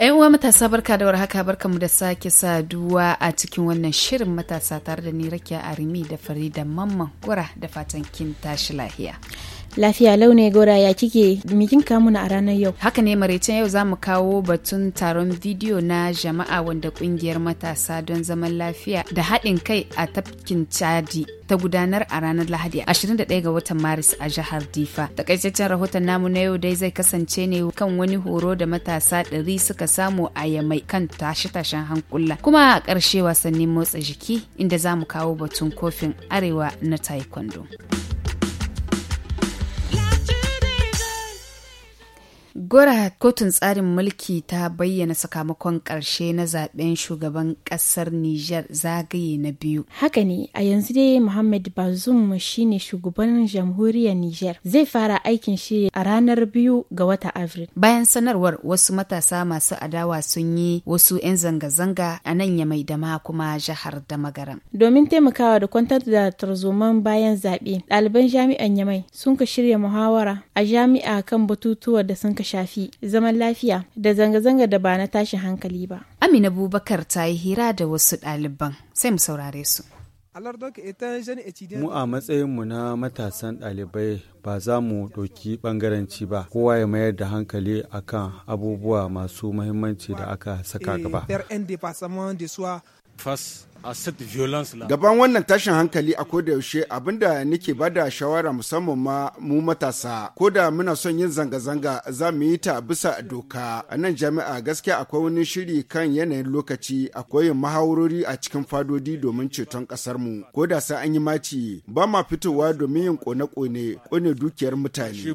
'Yan uwa matasa barka da warhaka barkamu da sake saduwa a cikin wannan shirin matasa tare da ni Rakiya Arimi da Farida Mamman Gura da fatan kin tashi lahiya. Lafiya laune gora ya kike mikin na a ranar yau. Haka ne maraicen yau za mu kawo batun taron bidiyo na jama'a wanda kungiyar matasa don zaman lafiya da haɗin kai a tafkin Chadi ta gudanar a ranar Lahadi 21 ga watan Maris a jihar Difa. Takaitaccen rahoton namu na yau dai zai kasance ne kan wani horo da matasa ɗari suka samu a yamai kan tashe-tashen hankula. Kuma a ƙarshe wasannin motsa jiki inda za mu kawo batun kofin arewa na taekwondo. gora kotun tsarin mulki ta bayyana sakamakon ƙarshe na zaben shugaban kasar niger zagaye na biyu haka ne a yanzu dai muhammad bazoum shine shugaban jamhuriyar niger zai fara aikin shi a ranar biyu ga wata avril bayan sanarwar wasu matasa masu adawa sun yi wasu 'yan zanga-zanga a nan ya mai dama kuma jihar da magaram domin taimakawa da kwantar da tarzoman bayan zaɓe ɗaliban jami'an yamai sun ka shirya muhawara a jami'a kan batutuwa da sun ka shafi zaman lafiya da zanga-zanga da ba na tashi hankali ba. Amina Bubakar ta yi hira da wasu ɗaliban sai mu saurare su. Mu a matsayinmu na matasan ɗalibai ba za mu ɗauki ɓangaranci ba, kowa ya mayar da hankali akan abubuwa masu mahimmanci da aka saka gaba. Eh, Gaban wannan tashin hankali a koda yaushe abinda nake bada shawara musamman ma mu matasa ko da muna son yin zanga-zanga za mu yi ta bisa doka. A nan jami'a gaskiya akwai wani shiri kan yanayin lokaci akwai yin mahaurori a cikin fadodi domin ceton kasar mu. Ko da sai an yi maci ba ma fitowa domin yin kone-kone kone dukiyar mutane.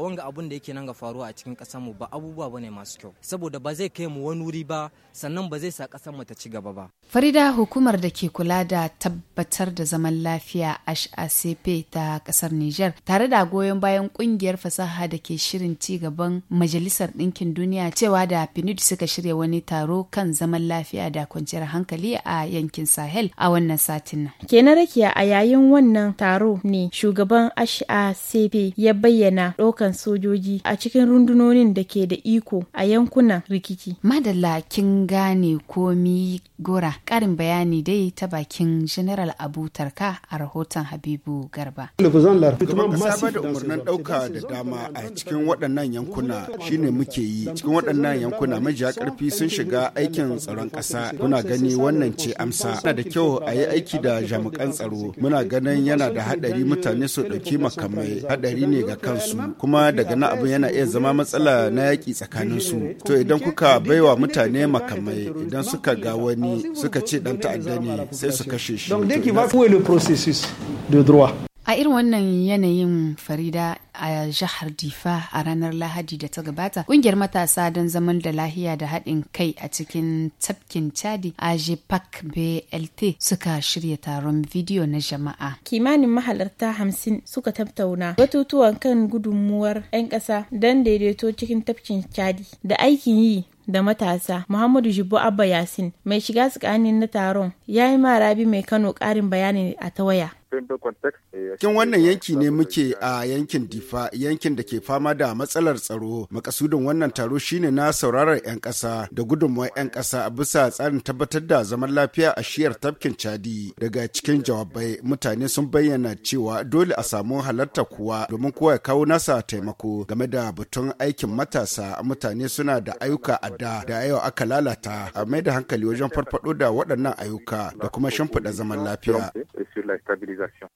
wanga abun da yake nan ga faruwa a cikin kasar mu ba abubuwa bane masu kyau saboda ba zai kai mu wani wuri ba sannan ba zai sa kasar mu ta ci gaba ba Farida hukumar da ke kula da tabbatar da zaman lafiya HACP ta kasar Niger tare da goyon bayan kungiyar fasaha da ke shirin ci gaban Majalisar Dinkin Duniya cewa da PNUD suka shirya wani taro kan zaman lafiya da kwanciyar hankali a yankin Sahel a wannan satin nan. Kenan rakiya a yayin wannan taro ne shugaban HACP ya bayyana ɗaukar dukkan sojoji a cikin rundunonin da ke da iko a yankunan rikici. Madalla kin gane komi gora karin bayani dai ta bakin General Abu Tarka a rahoton Habibu Garba. Gaban da umarnin ɗauka da dama a cikin waɗannan yankuna shine muke yi cikin waɗannan yankuna majiya ƙarfi sun shiga aikin tsaron ƙasa kuna gani wannan ce amsa yana da kyau a yi aiki da jami'an tsaro muna ganin yana da haɗari mutane su ɗauki makamai haɗari ne ga kansu kuma kuma daga na abin yana iya zama matsala na yaƙi su. to idan kuka baiwa mutane makamai idan suka ga wani suka ce dan ta'adda ne sai su kashe shi A irin wannan yanayin Farida a jihar Difa a ranar Lahadi da ta gabata, kungiyar matasa don zaman da lahiya da haɗin kai a cikin tafkin Chadi a jpark BLT suka shirya taron bidiyo na jama'a. Kimanin mahalarta hamsin suka tattauna batutuwan kan gudunmuwar 'yan ƙasa don daidaito cikin tafkin Chadi da aikin yi da matasa Muhammadu Jibo Abba Yasin mai shiga tsakanin na taron ya yi marabi mai Kano ƙarin bayani a ta waya. Eh, Kin wannan yanki ne muke a yankin Difa, yankin da ke fama da matsalar tsaro. Makasudin wannan taro shine na sauraron 'yan ƙasa da gudunmuwar 'yan ƙasa a bisa tsarin tabbatar da zaman lafiya a shiyar tafkin Chadi. Daga cikin jawabai, mutane sun bayyana cewa dole a samu halarta kuwa domin kowa ya kawo nasa taimako game da batun aikin matasa mutane suna da ayyuka a da da yau aka lalata a mai da hankali wajen farfado da waɗannan ayyuka da kuma shimfiɗa zaman lafiya. Eh, sur la stabilisation.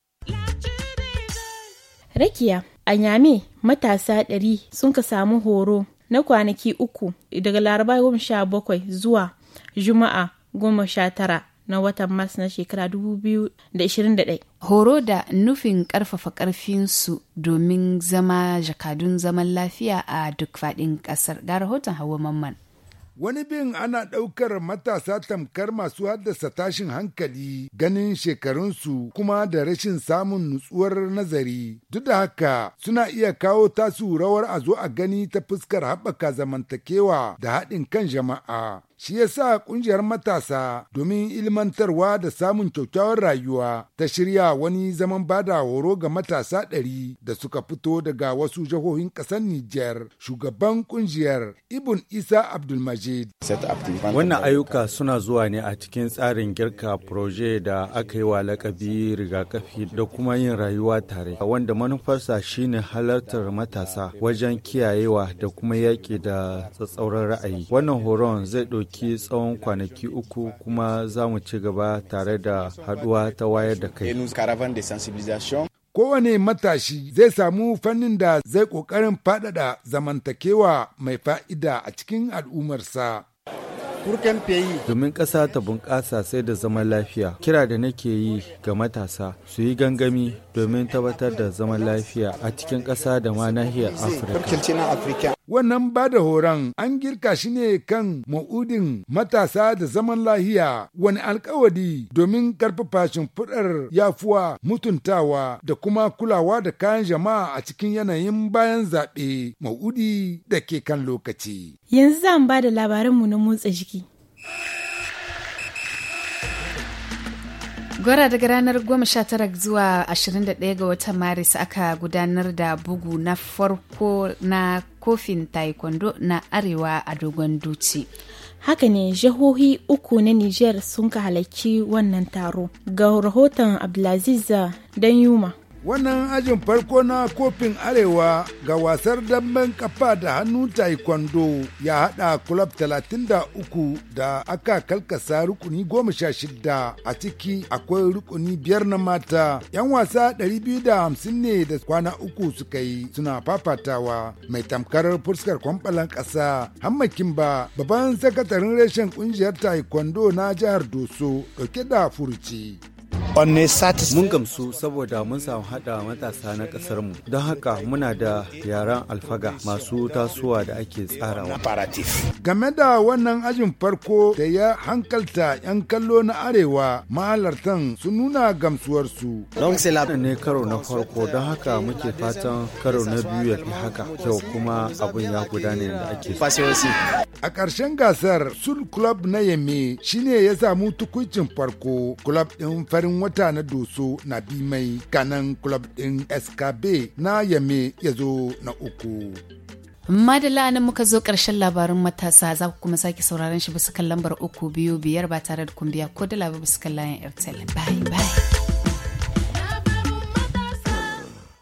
Rakiya, a Nyame matasa ɗari sun ka samu horo na kwanaki uku daga Laraba goma sha bakwai zuwa Juma'a goma sha tara na watan Mars na shekara 2021. Horo da nufin ƙarfafa ƙarfinsu domin zama jakadun zaman lafiya a duk faɗin ƙasar. Ga rahoton Hauwa Mamman. Wani bin ana ɗaukar matasa tamkar masu haddasa tashin hankali ganin shekarunsu kuma da rashin samun nutsuwar nazari. Duk da haka suna iya kawo tasu rawar a zo a gani ta fuskar haɓaka zamantakewa da haɗin kan jama'a. shi ya sa kungiyar matasa domin ilmantarwa da samun kyakkyawar rayuwa ta shirya wani zaman bada horo ga matasa ɗari da suka fito daga wasu jihohin ƙasar Nijar shugaban ƙungiyar, Ibn Isa Abdulmajid. Wannan ayyuka suna zuwa ne a cikin tsarin girka proje da aka yi wa lakabi rigakafi da kuma yin rayuwa tare wanda manufarsa shine halartar matasa wajen kiyayewa da kuma yaƙi da tsatsauran ra'ayi. Wannan horon zai ɗauki ɗauki tsawon kwanaki uku kuma za mu ci gaba tare da haɗuwa ta wayar da kai. Kowane matashi zai samu fannin da zai ƙoƙarin faɗaɗa zamantakewa mai fa'ida a cikin al'ummarsa. Domin ƙasa ta bunƙasa sai da zaman lafiya, kira da nake yi ga matasa su yi gangami domin tabbatar da zaman lafiya a cikin ƙasa da ma nahiyar Afirka. Wannan ba da horon an girka shi ne kan ma'udin matasa da zaman lahiya wani alkawari domin karfafa shimfiɗar yafuwa mutuntawa da kuma kulawa da kayan jama'a a cikin yanayin bayan zaɓe ma'udi da ke kan lokaci. Yanzu zan ba da labarinmu na motsa jiki. Gwara daga ranar 19 zuwa 21 ga watan Maris aka gudanar da bugu na farko na kofin taekwondo na arewa a dogon duci. Haka ne jihohi uku na Nijar sun ka halarci wannan taro ga rahoton Abdulaziz yuma. wannan ajin farko na kofin arewa ga wasar damben kafa da hannu taekwondo ya hada kulob 33 da aka kalkasa rukuni 16 a ciki akwai rukuni biyar na mata yan wasa 250 ne da kwana uku suka yi suna fafatawa mai tamkarar fuskar kwamfalan kasa hammakin ba babban sakatarin reshen kungiyar taekwondo na jihar doso dauke da furuci Mun gamsu saboda mun samu haɗa matasa na mu don haka muna da yaren alfaga masu tasowa da ake tsarawa. Game da wannan ajin farko da ya hankalta 'yan kallo na arewa mahalartan sun nuna gamsuwarsu. Wannan ne karo na farko don haka muke fatan karo na biyu ya fi haka kyau kuma abin ya gudane da ake. A ƙarshen gasar, Sul Club na Yeme shine ya samu tukuncin farko, club ɗin farin wata na doso na bi mai kanan club din skb na yame ya zo na uku madala nan muka zo ƙarshen labarin matasa za ku kuma sake sauraron shi bisa kan lambar uku biyu biyar ba tare da biya ko da labar bisa kan layan airtel bye bye